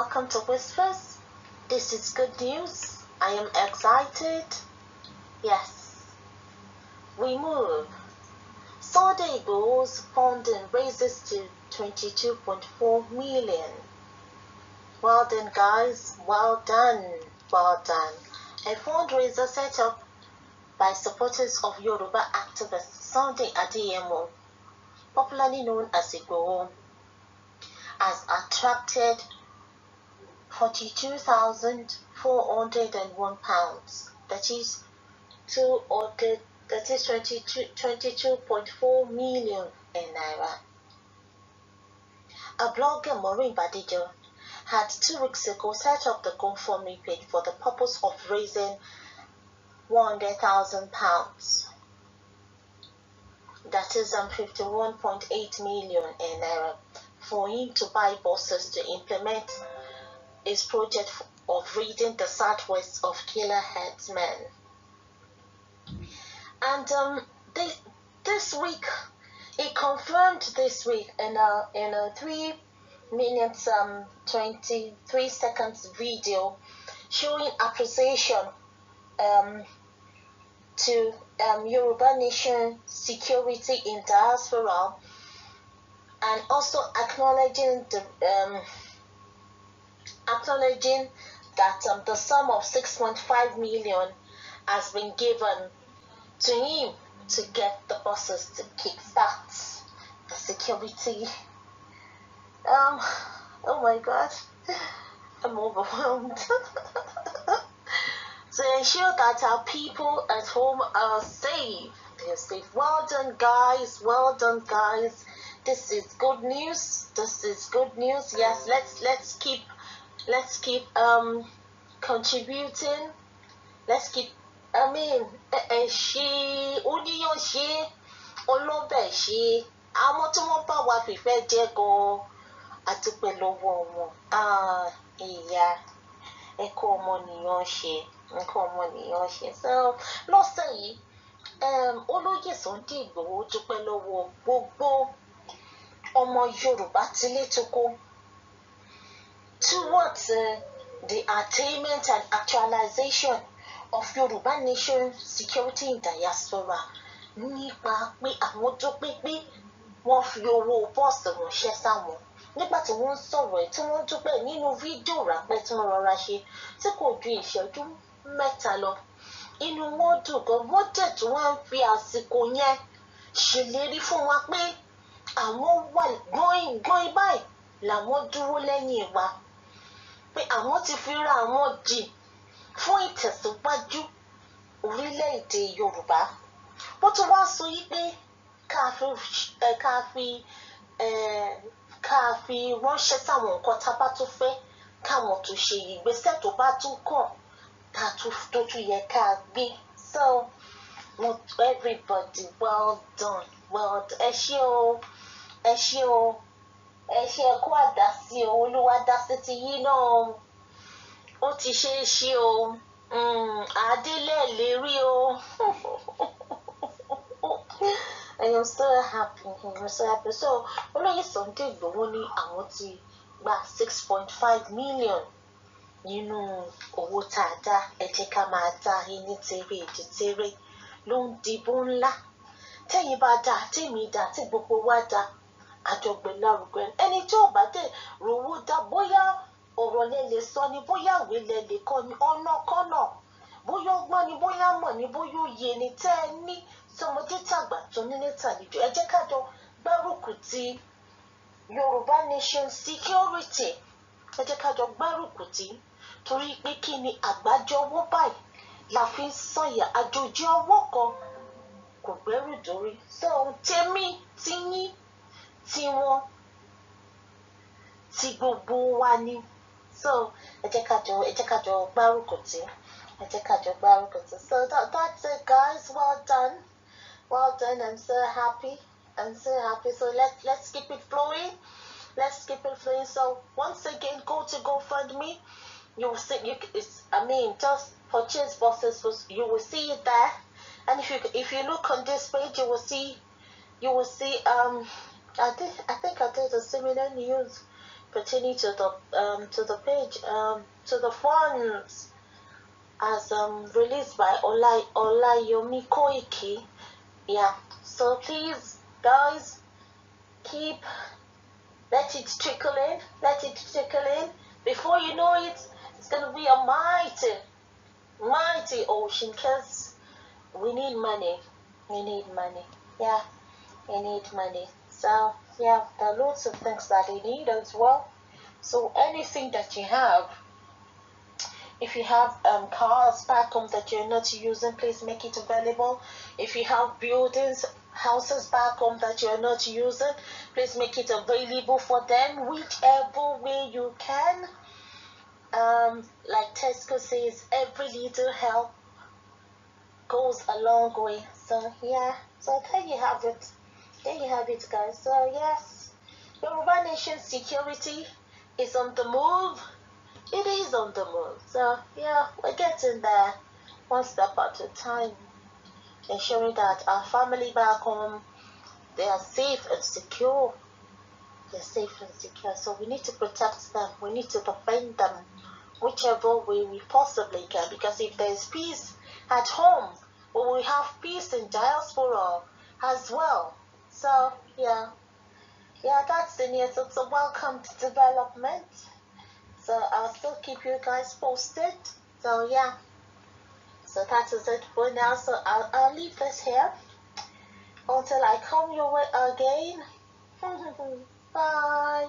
welcome to Whispers. This is good news. I am excited. Yes. We move. Sunday goes funding raises to 22.4 million. Well done guys, well done, well done. A fundraiser set up by supporters of Yoruba activist Sunday Adeyemo, popularly known as Igbo, has attracted 42,401 pounds. That is two or that is 22.4 million in naira. A blogger, Maureen Badijo, had two weeks ago set up the GoFundMe page for the purpose of raising 100,000 pounds. That is um, 51.8 million in naira for him to buy buses to implement his project of reading the southwest of killer headsmen. And um, this, this week, he confirmed this week in a, in a 3 minutes um, 23 seconds video showing appreciation um, to um, Yoruba Nation security in diaspora and also acknowledging the um, acknowledging that um, the sum of 6.5 million has been given to him to get the buses to kickstart the security. Um, oh my god, I'm overwhelmed. to ensure that our people at home are safe. They're safe. Well done, guys. Well done, guys. This is good news. This is good news. Yes, let's let's keep let's keep um contributing let's keep i mean ẹ eh, eh, ṣe oníyàn ṣe ọlọ́bẹ̀ ṣe àwọn tí wọ́n bá wa fìfẹ́ jẹ́ gan-an àti pẹ̀lú ọwọ́ wọn ìyá ẹ̀kọ́ ọmọnìyàn ṣe ẹ̀kọ́ ọmọnìyàn ṣe so lọ́sẹ̀ yìí um, olóyè Sunday Ìgbòho dúpẹ́ lọ́wọ́ gbogbo ọmọ Yorùbá tilé tókó towards uh, the attainment and actualization of Yoruba nation security in diaspora nípa pé àwọn tó pé pé wọ́n fi owó bọ́ọ̀sì ránṣẹ́ sáwọn nígbà tí wọ́n ń sọ̀rọ̀ ẹ̀ tí wọ́n ń dúpẹ́ nínú fídíò ráńpẹ́ tí wọ́n rọra ṣe tí kò ju ìṣẹ́jú mẹ́ta lọ inú wọn dùn gan wọ́n dẹ̀ tí wọ́n ń fi àsìkò yẹn ṣèlérí fún wa pé àwọn wà gbọ́n gbọ́n báyìí làwọn dúró lẹ́yìn wa pé àwọn ti fi ra àwọn jì fún ìtẹ̀síwájú orílẹ̀-èdè Yorùbá wọ́n tún wá sọ yí pé ká fi ká fi ránṣẹ́ sáwọn nǹkan tá a bá tún fẹ́ káwọn tó ṣe ìgbésẹ̀ tó bá tún kàn tá a tó tún yẹ ká gbé so everybody well done well done ẹ ṣé o ẹ ṣé o ẹ ṣe ẹ àdásí o olúwa dásí ti yí náà ó ti ṣe é ṣe o mm, àdélẹ̀ lérí o I am so happy I am so happy so olóyè Sunday Igboho ní àwọn ti gba six point five million nínú owó tá a dá ẹ jẹ́ ká máa dá ẹni tèrè èdè tèrè ló ń dìbò ńlá tẹ́yìn bá dá tèmi dá tí gbogbo wa dá àjọgbé lárugẹ ẹni tí ò bá dé rówó dá bóyá ọ̀rọ̀ lẹ lè sọ ni bóyá ìwé lẹ lè kọ ni ọ̀nà kọ́nà bóyá ọgbọ́n ni bóyá mọ̀ ni bóyá òye ni tẹ́ ẹ ní tọmọdé tàgbà tó nílé tàlejò ẹ jẹ́ ká jọ gbárùkù ti Yorùbá Nation security ẹ jẹ́ ká jọ gbárùkù ti torí pé kí ni àgbájọ ọwọ́ báyìí la fi ń sọ̀yà àjòjì ọwọ́ kan kò gbẹ́rù dórí sọ ohun tèmi ti yín gbogbo wa ni so ẹ jẹ́ ká jọ ẹ jẹ́ ká gbárùkù tí ẹ jẹ́ ká gbárùkù tí so that, that's it guys well done well done I'm so happy I'm so happy so let, let's keep it flowing let's keep it flowing so once again go to GoFundMe you will see you it's, I mean just purchase boxes you will see it there and if you if you look on this page you will see you will see um I think I think I did a similar news continue to the um, to the page um, to the funds as um, released by Ola Olayomi Koiki. Yeah, so please, guys, keep let it trickle in, let it trickle in. Before you know it, it's gonna be a mighty, mighty ocean. Cause we need money, we need money. Yeah, we need money. So. Yeah, there are lots of things that they need as well. So anything that you have, if you have um, cars back home that you're not using, please make it available. If you have buildings, houses back home that you're not using, please make it available for them whichever way you can. Um, like Tesco says, every little help goes a long way. So yeah, so there you have it. There you have it, guys. So, yes, Yoruba Nation security is on the move. It is on the move. So, yeah, we're getting there one step at a time, ensuring that our family back home they are safe and secure. They're safe and secure. So we need to protect them. We need to defend them whichever way we possibly can. Because if there is peace at home, we will have peace in diaspora as well. So yeah, yeah, that's the news. So, a welcome to development. So I'll still keep you guys posted. So yeah, so that is it for now. So I'll, I'll leave this here until I come your way again. Bye.